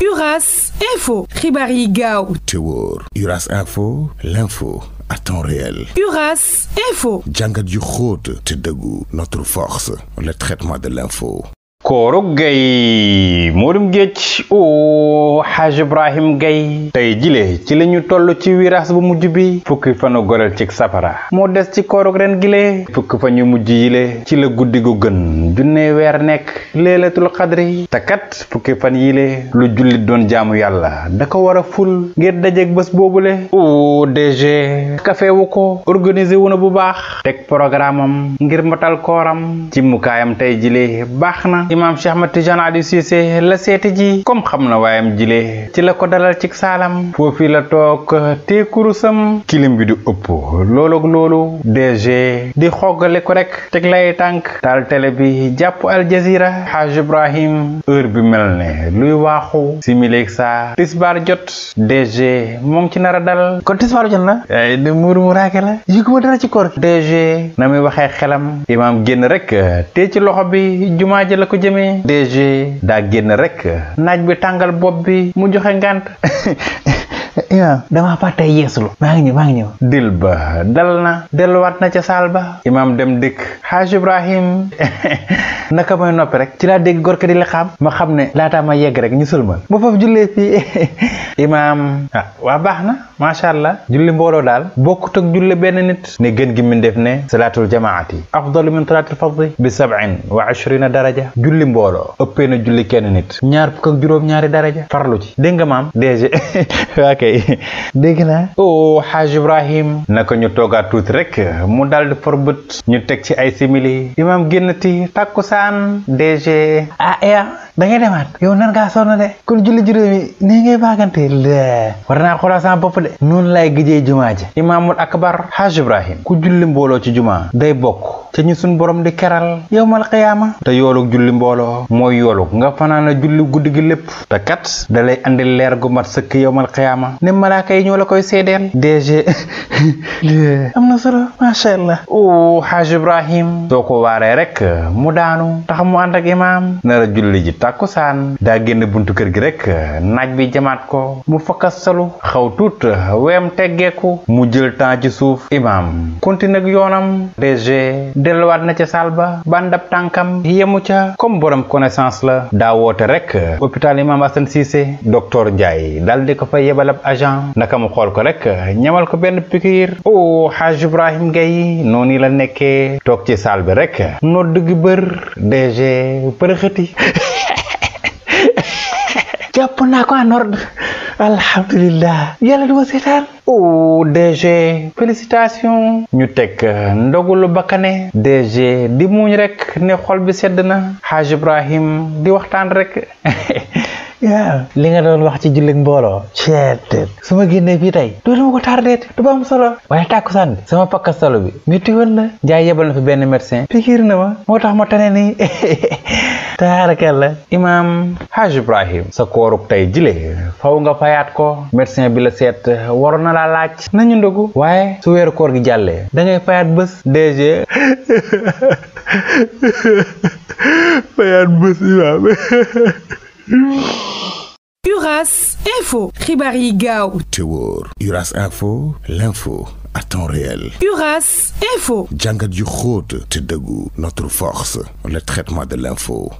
Uras Info. Ribari Gao. Tewor. Uras Info. L'info à temps réel. Uras Info. du te Notre force. Le traitement de l'info. koorug gay moorum géej o xaaj ibrahim gay tey jile ci lañu toll ci wiras bu mujj bi fukki fanu goreel ci safara moo des ci koorug ren gile fukki fa mujj yile ci la guddi gu gën junne weer nekk leelatul xadri te kat fukki fan yile lu jullit doon jaamu yàlla da ko war a ful ngir dajeeg bés boobule o DG kafewu ko organiser wu na bu baax teg programme am ngir matal kooram ci mukaayam tey jile baax na imaam Cheikh Ahmed Tidiane Aliou Cissé la seeti ji comme xam na waayam jile ci la ko dalal ci saalam foofi la toog te kurusam kilim bi du ëpp looloog loolu DG di xoogale ko rek teg lay tànk taal tele bi jàpp Al Jazeera Haj Ibrahim heure bi mel ne luy waaxu simileeg saa tisbaar jot DG moom ci nara a dal kon tisbaar jot na ay de muur muraake la yëguma ci koor DG na muy waxee xelam imaam génn rek te ci loxo bi jumaa ji la ko ko jëmee DG daa génn rek naaj bi tàngal bopp bi mu joxe ngànt imaam damaa fàttee yeeslu maa ngi ñëw maa ngi ñëw dil ba dal na delluwaat na ca saal ba imaam dem dikk xaaj ibrahim naka mooy noppi rek ci laa dégg gorka di la xam ma xam ne laataa ma yegg rek ñu sulmal ba foofu jullee fii imaam ah waa baax na macha allah julli mbooloo daal bokkut ak julli benn nit ne gën gi min def ne salaatul jamaati afdalu min salaatil fadli bi sab'in wa ashrina daraja julli mbooloo ëppee na julli kenn nit ñaar fukk ak juróom ñaari daraja farlu ci dégg nga kay dégg na o haj ibrahim nako ñu toga tuuti rek mu daldi forbut ñu tek ci ay simili imam gennati takusan, DG AR ah, ya. da ngay demat yow nan nga sonn de kon julli juróomi nii ngay baagante le war naa xoolal de nun lay gëjee juma. ja imamul akbar Haj ibrahim ku julli mbolo ci juma day bok te ñu sun borom di keral yowmal ya, qiyaama te yoolug julli mbolo moy yoolug nga fanana julli gudd gi lepp te kat dalay andi leer gu mat sekk yowmal ne malaaka yi ñoo la koy seedeel DG am na solo macha allah o xaaj ibrahim soo ko waaree rek mu daanu tax mu ànd ak imaam nara julli ji tàkkusaan daa génn buntu kër gi rek naaj bi jamaat ko mu fakkas solo xaw tuut weem teggeeku mu jël temps ci suuf imaam continue ak yoonam DG delluwaat na ca saal ba bandab tànkam yemu ca comme borom connaissance la daa woote rek hôpital imaam Assane Cissé docteur Ndiaye dal di ko fa yebalab ab agent naka mu xool ko rek ñamal ko benn pikiir o oh, xaaj Ibrahim Gaye noonu la nekkee toog ci saal bi rek noot dëgg bër DG përëxëti jàpp naa ko en ordre alhamdulilah yàlla du ma seetaan o oh, DG félicitation ñu teg euh, ndogulu bakkane DG di muuñ rek ne xool bi sedd na xaaj Ibrahim di waxtaan rek yaa li nga doon wax ci jullit mbooloo ceetet su ma génnee fii tey doo ko tardeet du ba am solo waaye tàkkusaan bi sama pakka solo bi métti woon na njaay yebal na fi benn médecin pikiir na ma moo tax ma tane nii taarakalla imaam haj ibrahim sa kooruk tey jile faw nga fayaat ko médecin bi la seet waroon na laa laaj nañu ndogu waaye su weeru koor gi jàllee da ngay fayaat bés DG fayaat bés imaam Uras Info, Ribari Gao. Tewor. Uras Info, l'info à temps réel. Uras Info. Djanga te notre force, le traitement de l'info.